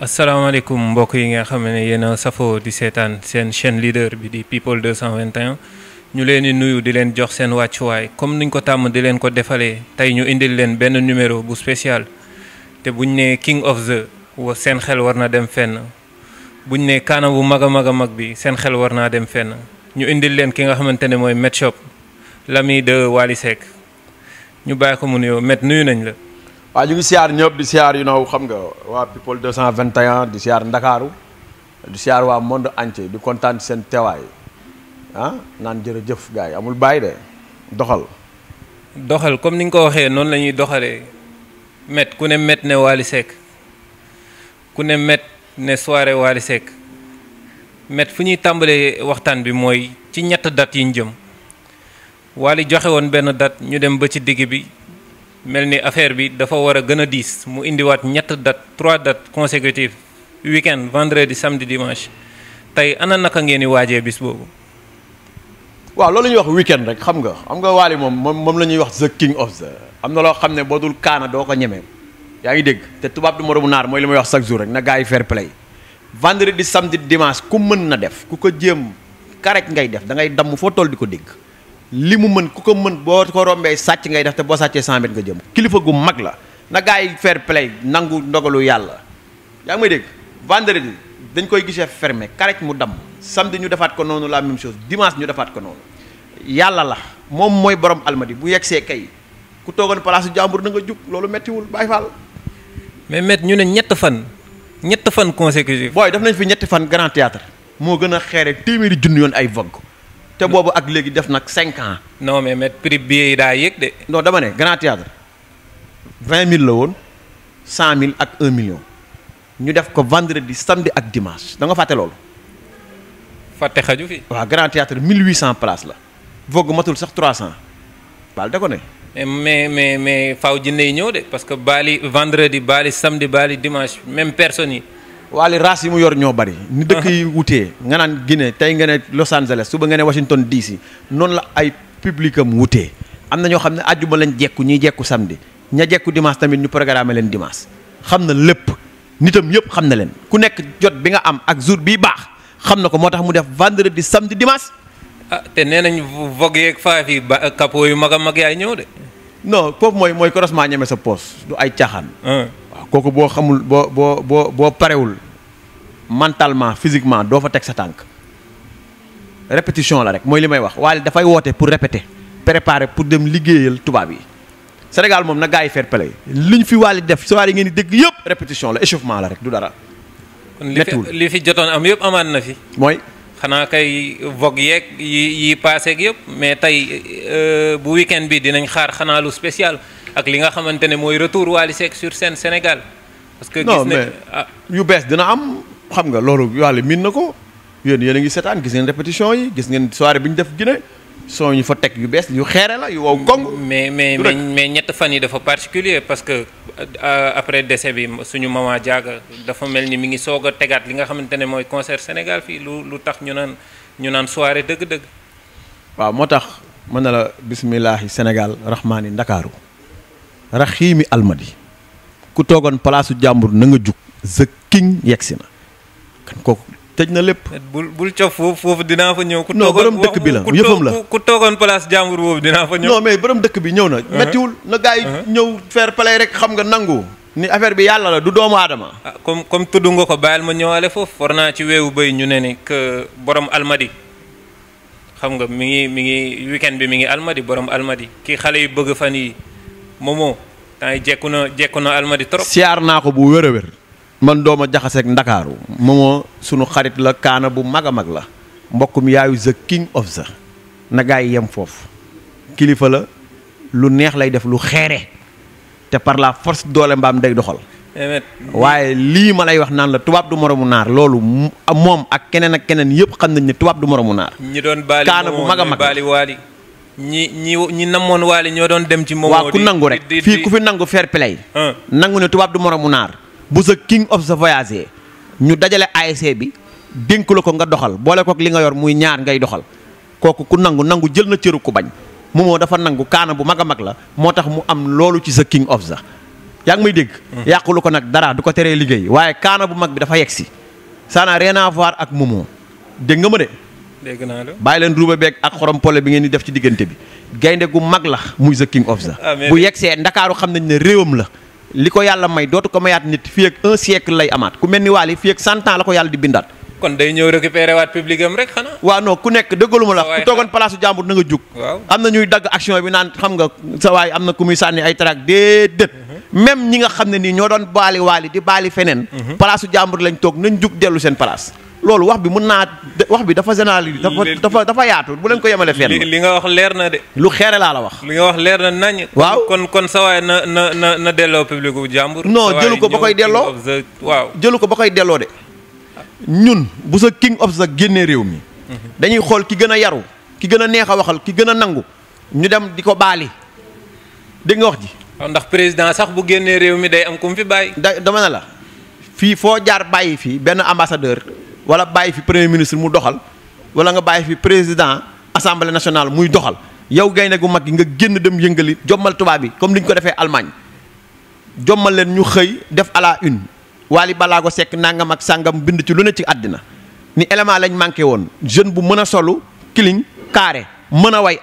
asalaamaaleykum mbokk yi nga xam ne yéen a safoo di seetaan seen chaîne leader bi di people 221 ñu leen di nuyu di leen jox seen wàccuwaay comme niñ ko tàmm di leen ko defalee tey ñu indil leen benn numéro bu spécial te buñ ne king of the wa seen xel war na dem fenn buñ ne kaanam bu mag a mag a mag bi seen xel war naa dem fenn ñu indil leen ki nga xamante ne mooy Met Shop l'ami de Wally Seck ñu bàyyi ko mu nuyoo Met nuyu nañ la. waaw ñu ngi siyaar ñëpp di siyaar yu naw xam nga waa people 221 di siyaar Ndakaaru di siyaar waa monde entier di kontaan seen teewaay ah naan jërëjëf gars amul bàyyi de doxal. doxal comme ni nga ko waxee noonu la ñuy doxalee met ku ne met ne Wally Seck ku ne met ne soirée Wally Seck fu ñuy tàmbalee waxtaan bi mooy ci ñett date yi ñu jëm Wally joxe woon benn dat ñu dem ba ci digg bi. mel ni affaire bi dafa war a gën a diis mu indiwaat ñett date trois dates consécutives week-end vendredi samedi dimanche tey ana naka ngeen di waajee bis boobu. waaw loolu ñuy wax week rek xam nga xam nga Wally moom moom moom la ñuy wax the king of the am na loo xam ne boo dul kaana doo ko ñeme yaa ngi dégg te tubaab du moromu naar mooy li may wax chaque jour rek na gars yi fair play vendredi samedi dimanche ku mën na def ku ko jéem karaj ngay def da ngay damm foo toll di ko dégg. li mu mën ku ko mën boo ko rombee sàcc ngay def te boo sàccee cent mètres nga jëm kilifa gu mag la na gars yi fair play nangu ndogalu yàlla yaa ngi may dégg vendredi dañ koy gisee fermé karec mu damm samedi ñu defaat ko noonu la même chose dimanche ñu defaat ko noonu yàlla la moom mooy borom almadi bu yegsee kay ku toogoon palaasu jàmbur na nga jug loolu méttiwul bàyyi faal mais met ñu ne ñett fan ñett fan consécutif booy def nañ fi ñetti fan grand théâtre moo gën a xeere téeméeri junni yoon ay vogue te boobu ak léegi def nag cinq ans. non mais mais prix billet yi daa yéeg de. non dama ne grand théâtre vingt mille la woon cent mille ak un million ñu def ko vendredi samedi ak dimanche da nga fàtte loolu. fàtte xaju fi. waa grand théâtre mille huit cent places la. vogue matul sax trois cent. baal ko ne. mais mais mais faw jinne yi ñëw de parce que baali vendredi baali samedi baali dimanche même personne yi. waali race yi mu yor ñoo bari ni dëkk yi wutee nga naan Guinée tey nga ne Los Angeles suba nga ne Washington DC noonu la ay public am wutee am na ñoo xam ne àjjuma lañ jekku ñuy jekku samedi ña jekku dimanche tamit ñu programme leen dimanche xam na lépp nitam yëpp xam na leen ku nekk jot bi nga am ak jour bii baax xam na ko moo tax mu def vendredi samedi dimanche. ah te nee nañ vogue yeeg faaf yi ba euh, capot yu mag a mag yaay ñëw de. non foofu mooy mooy croisement ñeme sa poos du ay caaxaan. Ah. kooku boo xamul boo boo boo boo parewul mentalement physiquement doo fa teg sa tànk répétition la rek mooy li may wax waaye dafay woote pour répété préparer pour dem liggéeyal tubaab yi Sénégal moom na gars yi fair li ñu fi Wally def soirée ngeen di dégg yëpp répétition la échauffement la rek du dara. nettiwul li fi jotoon am yëpp amaat na fi. mooy. xanaa kay vogue yeeg yi yi paase yëpp mais tey euh, bu weekend bi dinañ xaar xanaa lu spécial. ak li nga xamante ne mooy retour Wally Seck sur seen Sénégal. parce que gis nañ ah. yu bees dina am xam nga loolu Wally miin na ko yéen yéen a ngi seetaan gis ngeen répétition yi gis ngeen soirée bi ñu def Guinée son ñu fa teg yu bees yu xeere la yu wow gong mais mais mais ñett fan yi dafa particulier parce que euh, euh, après décès bi suñu maman Diaga dafa mel ni mi ngi soog a tegaat li nga xamante ne mooy concert Sénégal fii lu lu tax ñu naan ñu naan soirée dëgg-dëgg moo tax mën na la bisimilahi Sénégal rahmaani Ndakaaru raxiimi almadi ku toogoon palaasu jàmbur na nga jug the king yegg si na kan kooku tëj na lépp. bul bul cof foofu foofu dinaa fa ñëw. ku toogoon non dëkk bi la yëfam la ku toogoon place jàmbur dinaa fa ñëw. non mais dëkk bi ñëw na. Uh-huh. méttiwul na gars yi uh-huh. ñëw fair play rek xam nga nangu. ni affaire bi yàlla la du doomu aadama. ah comme comme tudd nga ko bàyyil ma ñëwaale foofu. for naa ci weewu béy ñu ne ni que borom almadi xam nga mi ngi mi ngi weekend bi mi ngi almadi borom almadi kii xale yi bëgg fan yi Momo temps yi na jekku na almadi trop. siyaar naa ko bu wér a wér man dooma jaxaseek ndakaaru Momo sunu xarit la kaana bu mag a mag la mbokkum yaayu the king of the na yi yem foofu kilifa la lu neex lay def lu xeere te par la force doole mbaam day doxal. Eh, waaye lii ma lay wax naan la tubaab du moromu naar loolu moom ak keneen ak keneen yëpp xam nañ ne tubaab du moromu naar. ñi doon baali kaana bu mag a mag ñi ñi ñi namoon waale ñoo doon dem ci moom waaw ku nangu rek fii ku fi nangu fair play ah. nangu ne tubaab du moromu naar bu sa king of sa voyage ñu dajale ASC bi dénkula ko nga doxal boole kook li nga yor muy ñaar ngay doxal kooku ku nangu nangu jël na cëru ku bañ moomoo dafa nangu kaana bu mag a mag la moo tax mu am loolu ci sa king of sa yaa ngi may dégg mm. yàqulu ko nag dara du ko teree liggéey waaye kaana bu mag bi dafa yegg si ça ak moomoo dégg nga ma de dégg naa la bàyyi leen ruuba beeg ak xorom pole bi ngeen di def ci diggante bi gaynde gu mag la muy the king of the bu yegsee ndakaaru xam nañ ne réewam la li ko yàlla may dootu ko mayaat nit fii ak un siècle lay amaat ku mel ni waali fii ak cent ans la ko yàlla di bindaat kon day ku nekk dëggaluma la ku toogoon place jàmbur na jug am na ñuy dagg action bi naan xam nga sa waay am na ku muy sànni ay trac déedéet mhm. même ñi nga xam ne nii ñoo doon baali waali loolu wax bi mën naa wax bi dafa général dafa dafa dafa yaatu bu leen ko yemale fenn. li nga wax leer na de. lu xeere laa la wax. li nga wax leer na nañ. waaw kon kon sawaay na na na na delloo public bu jàmbur. non jëlu ko ba koy delloo waaw jëlu ko ba koy delloo de. ñun bu sa king of sa génnee réew mi. Mhm. dañuy xool ki gën a yaru ki gën a neex a waxal ki gën a nangu ñu dem di ko baali dégg wax ji. ndax président sax bu génnee réew mi day am ku mu fi bàyyi. da dama ne la fii foo jaar bàyyi fii benn ambassadeur. wala bàyyi fi premier ministre mu doxal wala nga bàyyi fi président assemblée nationale muy doxal yow gaynde gu mag gi nga génn dem yëngali jommal tubaab bi comme li ñu ko defee Allemagne jommal leen ñu xëy def à la une Wally Ballago Seck nangam ak sàngam bind ci lu ne ci àddina ni élément lañ manqué woon jeune bu mën a solu kiling carré mën a way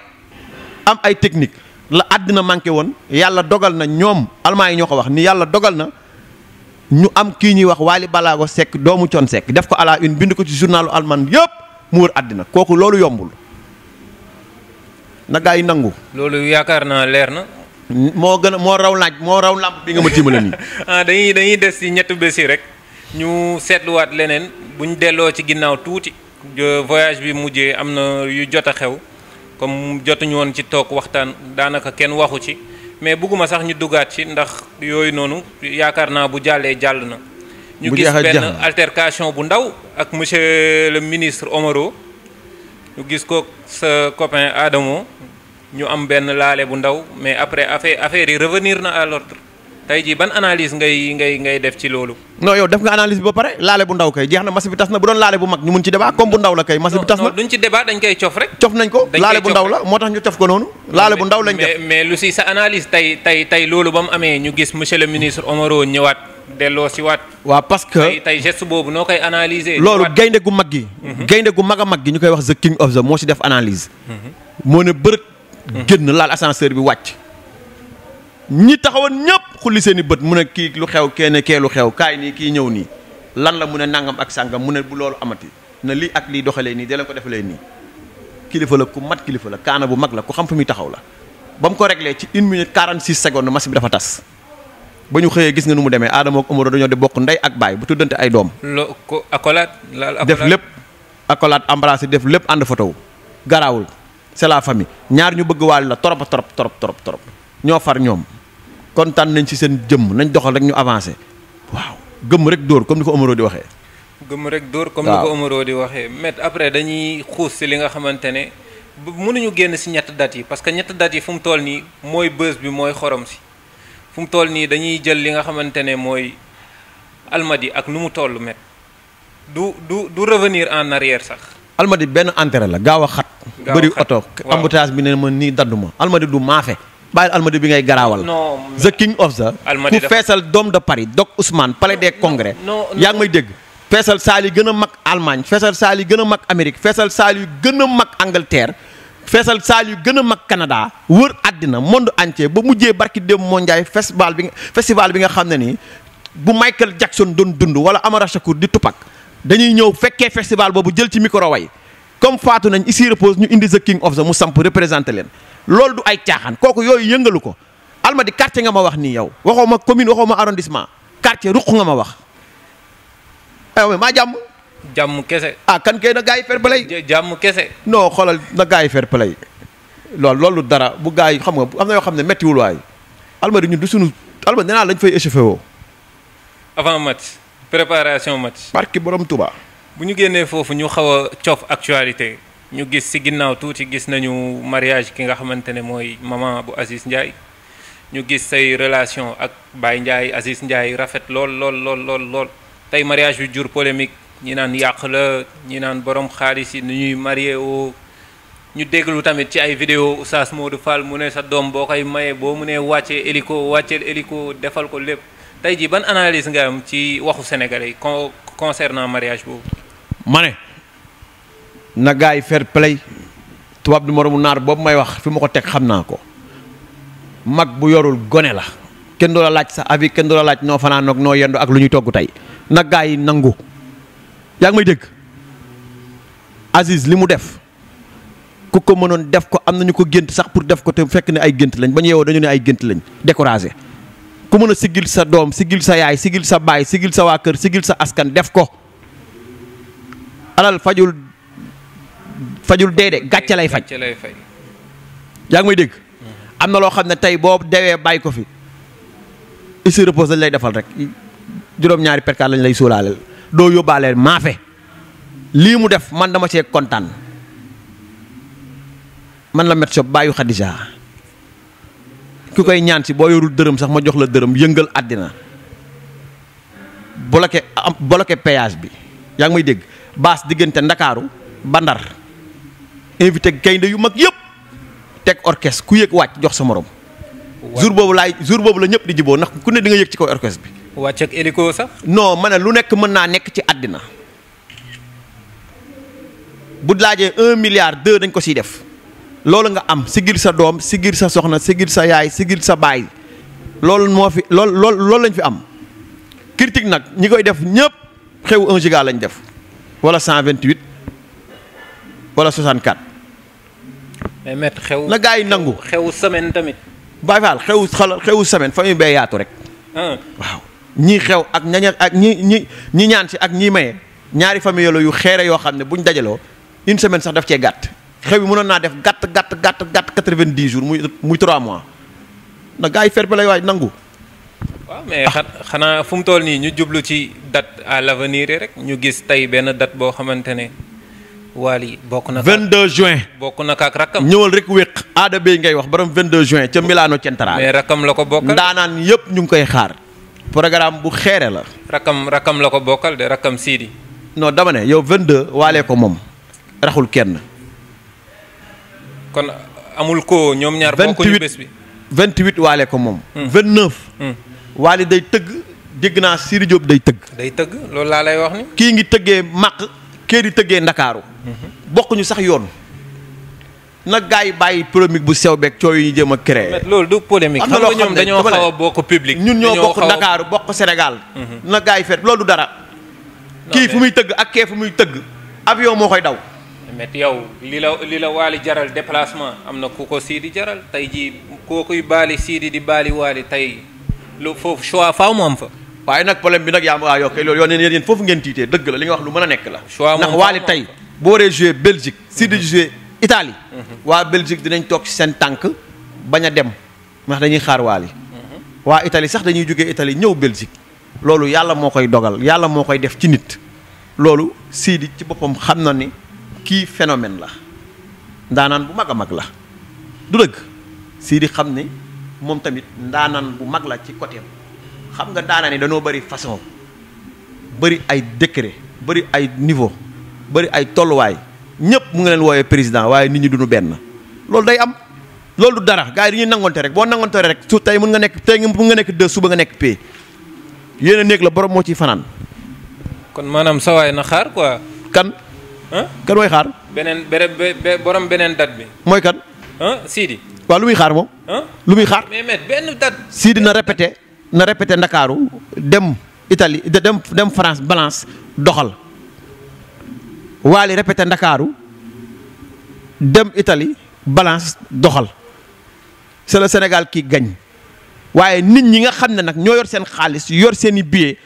am ay technique la àddina manqué woon yàlla dogal na ñoom Allemagne yi ñoo ko wax ni yàlla dogal na ñu am kii ñuy wax Waly Balago sekk doomu Thione Seck def ko à la une bind ko ci journalu alman yëpp mu wër àddina kooku loolu yombul na gaa yi nangu. loolu yaakaar naa leer na. moo gën a moo raw laaj moo raw làmp bi nga ma tiimale nii. ah dañuy dañuy des ci ñett bés yi rek ñu seetluwaat leneen bu ñu delloo ci ginnaaw tuuti voyage bi mujjee am na yu jot a xew comme jotuñu woon ci toog waxtaan daanaka kenn waxu ci. mais bugguma sax ñu duggaat ci ndax yooyu noonu yaakaar naa bu jàllee jàll na. ñu gis benn altercation bu ndaw ak monsieur le ministre Omaro ñu gis ko sa copain Adamo ñu am benn laale bu ndaw mais après affaire affaire yi revenir na à l'ordre tey jii ban analyse ngay ngay ngay def ci loolu. non yow def nga analyse bi ba pare laale bu ndaw kay jeex na masse bi tas na bu doon laale bu mag ñu ko laale bu ndaw la moo tax ñu cof ko noonu. laale bu ndaw lañ tey tey tey loolu ba amee ñu gis monsieur le ministre Omaro ñëwaat delloo waat. waaw parce que tey tey boobu noo koy analyser. loolu gaynde gu mag gi. Mhm. gaynde gu mag a mag gi ñu koy wax the king of the moo si def analyse. Mhm. moo ne bërët. Mhm. génn laal ascenseur bi wàcc ñi taxawoon ñëpp xulli seen i bët mu ne kii lu xew kenn kee lu xew kaay nii kii ñëw nii lan la mu ne nangam ak sàngam mu ne bu loolu amati na lii ak lii doxalee nii daleen ko defalee nii kilifa la ku mat kilifa la kaana bu mag la ku xam fu muy taxaw la ba mu ko reglee ci une minute 46 secondes match bi dafa tas ba ñu xëyee gis nga nu mu demee aadama ak Omaro dañoo di bokk ndey ak baay bu tuddante ay doom. loo ko accolade def lépp accolade embrassé def lépp ànd photo wu garaawul c'est la famille ñaar ñu bëgg waale la trop trop trop trop trop ñoo far ñoom. kontaan nañ ci seen jëmm nañ doxal rek ñu avancer waaw gëmm rek dóor comme ni ko Omaro di waxee. gëmm rek dóor comme ni ko Omaro di waxee. met après dañuy xuus si li nga xamante ne mënuñu génn si ñett date yi parce que ñett date yi fu mu toll nii mooy bës bi mooy xorom si fu mu toll nii dañuy jël li nga xamante ne mooy almadi ak nu mu toll met du du du revenir en arrière sax. almadi benn entre la gaaw a xat. bëri oto embouteillage bi ne ma nii ma almadi du maafe. bàyyil almadi bi ngay garaawal. the king of the. doom de Paris doc Ousmane palais des congrès. yaa ngi may dégg. feesal saal yi gën a mag Allemagne feesal saal gën a mag Amérique feesal saal yu gën mag Angleterre. feesal saal yu gën a mag Canada wër àddina monde entier ba mujjee barki dem mondial festival bi festival bi nga xam ne nii bu Michael Jackson doon dund wala Amara Shakur di Tupac dañuy ñëw fekkee festival boobu jël ci micro comme faatu nañ ici repose ñu indi the king of the mu samp représenté leen. loolu du ay caaxaan kooku yooyu yëngalu ko almadi quartier nga ma wax nii yow waxoo ma commune waxoo ma arrondissement quartier ruq nga ma wax aywa eh maa jàmm. jàmm kese. ah kan kay na gars yi fair play. jàmm kese. noo xoolal na gars yi fair play loolu loolu dara bu gars yi xam nga am na yoo xam ne méttiwul waay almadi ñu du sunu almadi nee naa lañ fay échauffé woo. avant match préparation match. barki borom Touba. bu ñu génnee foofu ñu xaw a coof actualité. ñu gis ci ginnaaw tuuti gis nañu mariage ki nga xamante ne mooy maman bu Aziz Ndiaye ñu gis say relation ak Baye Ndiaye Aziz Ndiaye rafet lool lool lool tey mariage yu jur polémique ñi naan yàq la ñi naan borom xaalis yi ni ñuy marié woo ñu déglu tamit ci ay vidéo Oustaz Modou Fall mu ne sa doom boo koy mayee boo mu ne wàccee hélico wàcceel hélico defal ko lépp tey jii ban analyse nga ci waxu sénégalais yi concernant mariage boobu na gars yi fair play tubaab du moromu naar boobu may wax fi mu ko teg xam naa ko mag bu yorul gone la kenn du la laaj sa avis kenn doo la laaj noo fanaan noo yendu ak lu ñuy togg tey na yi nangu yaa ngi may dégg Aziz li mu def ku ko mënoon def ko am nañu ko gént sax pour def ko te fekk ne ay gént lañ ba ñu yeewoo dañu ne ay gént lañ découragé ku mën a siggil sa doom siggil sa yaay sigil sa baay sigil sa waa kër sigil sa askan def ko alal fajul dee de gàcce lay faj yaa ngi may dégg am na loo xam ne tey boo dewee bàyyi ko fi ici repose lañ lay defal rek juróom-ñaari perkaat lañ lay sóolaaleel doo yóbbaaleel maafe lii mu def man dama cee kontaan man la met shop bàyyi Xadija ki koy ñaan si boo yorul dërëm sax ma jox la dërëm yëngal àddina bloqué am bloqué bi yaa ngi may dégg baas diggante ndakaaru ba ndar invité gaynde yu mag yëpp teg orchestre ku yég wàcc jox sa morom. jour boobu laay jour boobu la ñëpp di jiboo ndax ku ne di nga yëg ci kaw orchestre bi. wàcc ak hélico sax. non ma ne lu nekk mën naa nekk ci àddina bu daajee un milliard deux dañ ko siy def loolu nga am si sigil sa doom si sigil sa soxna sigil sa yaay sigil sa baay loolu moo fi lool lool loolu lañ fi am. critique nag ñi koy def ñëpp xew un giga lañ def wala 128. wala 64. mais xew na gaa yi nangu xew semaine tamit. Baay Faal xew xala xewu semaine fa muy bay yaatu rek. waaw ñii xew ak ñaña ak ñi ñi ñi ñaan si ak ñii maye ñaari famille yu xeere yoo xam ne buñ dajaloo une semaine sax daf cee gàtt xew bi mënoon naa def gàtt gàtt gàtt gàtt quatre-vingt-dix jours muy muy trois mois na gars yi fair play waay nangu. waaw mais xanaa fu mu toll nii ñu jublu ci date à l'avenir rek ñu gis tey benn date boo xamante ne. Waly bokk na. 22 juin bokk na ak rakkam. ñëwal rekk wéq aada bi ngay wax borom 22 juin ca Milano Centrale. mais rakkam la ko bokkal ndaanaan yëpp ñu ngi koy xaar. programme bu xeere la. rakkam rakkam la ko bokkal de rakkam Sidi. non dama ne yow de waalee ko moom raxul kenn. kon amul ko ñoom ñaar bokkuñu bés bi 28 28 waale ko moom. 29. Hmm. Hmm. waali day tëgg dégg naa Siri Diop day tëgg. day tëgg loolu laa lay wax ni. kii ngi tëggee màq. kee di tëggee ndakaaru bokkuñu sax yoon na gars yi bàyyi polémique bu sew beeg coow yi ñu jëm a créé. loolu du polémique xam nga ñoom dañoo xaw a bokk public. ñun ñoo bokk ndakaaru bokk Sénégal. Mhm. na gars yi fet loolu dara. kii fu muy tëgg ak kee fu muy tëgg avion moo koy daw. yow li la li la waali jaral déplacement am na ku ko siidi jaral tey jii kookuy baali siidi di baali waali tey lu foofu choix faaw moom fa. waaye nag problème bi nag yaa waa yokkee loolu yoo neen yéen foofu ngeen tiitee dëgg la li nga wax lu mën a nekk la ndax waali tey boo waree joué Belgique si di joué Italie mhm. waa Belgique dinañ toog ci seen tànk bañ a dem ndax dañuy xaar waali mhm. waa Italie sax dañuy jógee itali ñëw Belgique loolu yàlla moo koy dogal yàlla moo koy def ci nit loolu Sidi ci boppam xam na ni kii phénomène la ndaanaan bu mag a mag la du dëgg Sidi xam ni moom tamit ndaanaan bu mag la ci côté xam nga daana ni dañoo bëri façon bëri ay décret bari ay niveau bari ay tolluwaay ñëpp mu ngi leen wooyee président waaye nit ñi duñu benn loolu day am loolu dara gars yi dañuy nangonte rek boo nangonte rek su tey mën nga nekk tey mën nga nekk deux suba nga nekk pay yéen néeg la borom moo ciy fanaan. kon maanaam sawaay na xaar quoi. kan. kan mooy xaar. beneen borom beneen date bi. mooy kan. Sidi. waaw lu muy xaar moom. lu muy xaar. mais benn date. Sidi na répété. na répété ndakaaru dem Italie dem France balance doxal Waly répété ndakaaru dem itali balance doxal c'est le Sénégal qui gagne waaye nit ñi nga xam ne nag ñoo yor seen xaalis yor seeni i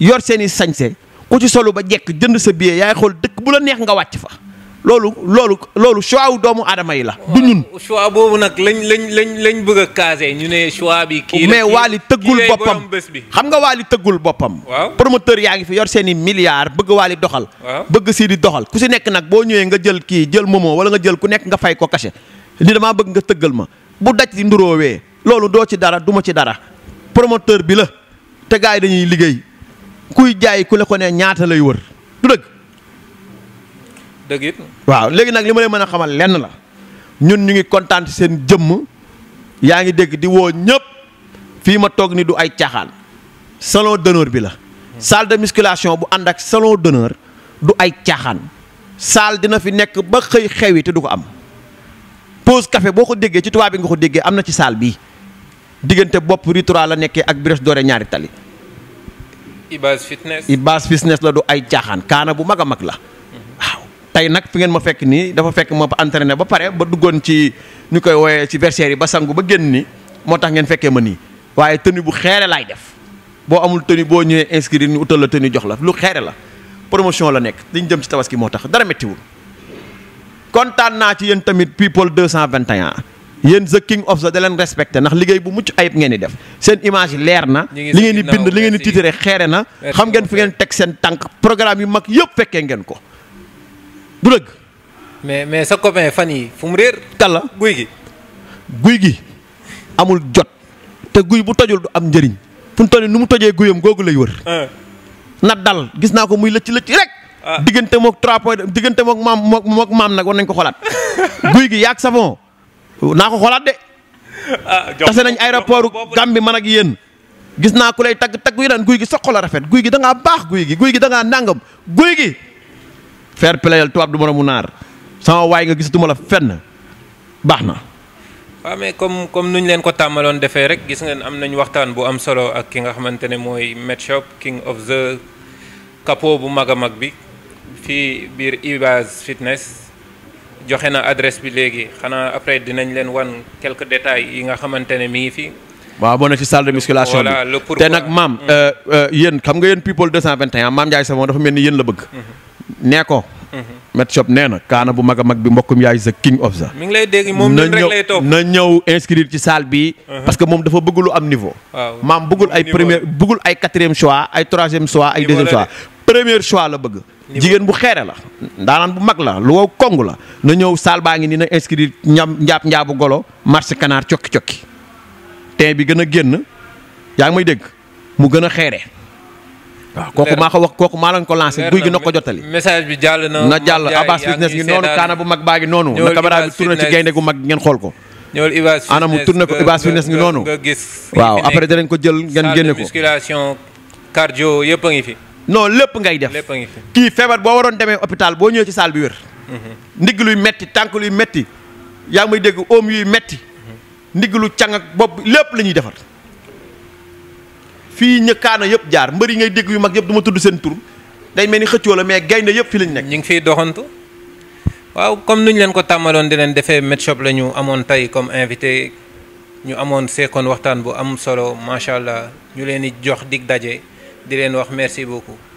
yor seen i sañse ku ci solo ba jekk jënd sa billet yaay xool dëkk bu la neex nga wàcc fa loolu loolu loolu choix wu doomu aadama yi la. du ñun choix boobu nag lañ lañ lañ lañ bëgg a casé ñu ne choix bi. kii mais Wally tëggul boppam xam nga Wally tëggul boppam. waaw promoteur yaa ngi fi yor seen i milliards bëgg Wally doxal. bëgg si di doxal ku si nekk nag boo ñëwee nga jël kii jël momo wala nga jël ku nekk nga fay ko cachet li damaa bëgg nga tëggal ma bu daj di nduroowee loolu doo ci dara duma ci dara promoteur bi la te yi dañuy liggéey kuy jaay ku ne ko ne ñaata lay wër du dëgg dëgg waaw léegi nag li ma leen mën a xamal lenn la ñun ñu ngi kontaan seen jëmm yaa ngi dégg di woo ñëpp fii ma toog ni du ay caaxaan salon d'honneur bi la. salle de musculation bu ànd ak salon d'honneur du ay caaxaan salle dina fi nekk ba xëy xewi te du ko am pause café boo ko déggee ci tubaab bi nga ko déggee am na ci salle bii diggante bopp Ritra la nekkee ak Brioche Dorée ñaari tali. Ibaz fitness Ibaz fitness la du ay caaxaan kaana bu mag a mag la. tey nag fi ngeen ma fekk nii dafa fekk ma ba entraîné pare ba duggoon ci ñu koy wooyee ci versaire yi ba sangu ba génn ni moo tax ngeen fekkee ma nii waaye tenue bu xeere laay def boo amul tenue boo ñëwee inscrire ñu utal la tenue jox la lu xeere la promotion la nekk liñ jëm ci tabaski moo tax dara méttiwul kontaan naa ci yéen tamit people 221 yéen the king of the da leen respecté ndax liggéey bu mucc ayib ngeen di def seen image leer na li ngeen di bind li ngeen di tiitare xeere na xam ngeen fi ngeen teg seen tànk programme yu mag yëpp fekkee ngeen ko du dëgg. mais mais sa copain fan yi fu mu réer. kàlla guy gi. guy gi amul jot te guy bu tojul du am njëriñ fu mu nu mu tojee guyam googu lay wër. Ah. na dal gis naa ko muy lëcc lëcc rek. Ah. diggante mook trois point diggante mook maam mook mook maam nag war nañ ko xolaat guy gi yaag savon naa ko xolaat de. Ah, tase nañ aéroport Gambie mën ak yéen. gis naa ku lay tagg tagg yi naan guy gi soqala rafet guy gi dangaa baax guy gi guy gi da ngaa guy gi. fair playal tubaab du moromu naar sama waay nga gisatuma la fenn baax na. waaw mais comme comme nu leen ko tàmmaloon defee rek gis ngeen am nañu waxtaan bu am solo ak ki nga xamante ne mooy Med Shop king of the capo bu mag a mag bi fii biir Ibaz fitness joxe na adresse bi léegi xanaa après dinañ leen wan quelque détails yi nga xamante ne mi ngi fi. waaw boo ne ci salle de musculation bi te nag maam. Mm. Euh, euh, yéen xam nga yeen people 221 maam Ndiaye Savon dafa mel ni yéen la bëgg. Mm-hmm. nee ko. Met Shop nee na kaana bu mag a mag bi mbokkum yaay sa king of sa. mi ngi lay dégg moom ñun rek lay topp na ñëw inscrire ci salle bi. Uh-huh. parce que moom dafa bëgg lu am niveau. waaw maam bëggul ay premier bëggul ay quatrième choix ay troisième choix ay deuxième choix. premier la bëgg. jigéen bu xeere la. ndaanaan bu mag la lu wow kong la na ñëw salle baa ngi nii na inscrire ñam njaab njaabu golo marché kanaar cokki cokki. teint bi gën a génn yaa ngi may dégg mu gën a xeere. waaw kooku maa ko wax kooku maa lañ ko lancé guy gi na ko jottali message bi jàll na na jàll Abbas business gi noonu kaana bu mag baa gi noonu na caméra bi tourné ci gaynde gu mag ngeen xool ko ñëwal Ibas ana mu tourné ko Ibas fitness ngi noonu waaw après danañ ko jël ngeen génne ko musculation cardio yëpp ngi fi non lépp ngay def lépp a kii feebar boo waroon demee hôpital boo ñëwee ci salle bi wér mhm. ndigg luy metti tànk luy metti yaa may dégg oom yuy metti mhm. ndigg lu càng ak bopp lépp la ñuy defar fii ñëkkaana yëpp jaar mbër yi ngay dégg yu mag yëpp du ma tudd seen tur day mel ni xëccoo la mais gaynde yëpp fi lañ nekk. ñu ngi fiy doxantu waaw comme nuñ leen ko tàmmaloon di leen defee Medshop la ñu amoon tey comme invité ñu amoon seekoon waxtaan bu am solo macha allah ñu leen di jox dig daje di leen wax merci beaucoup.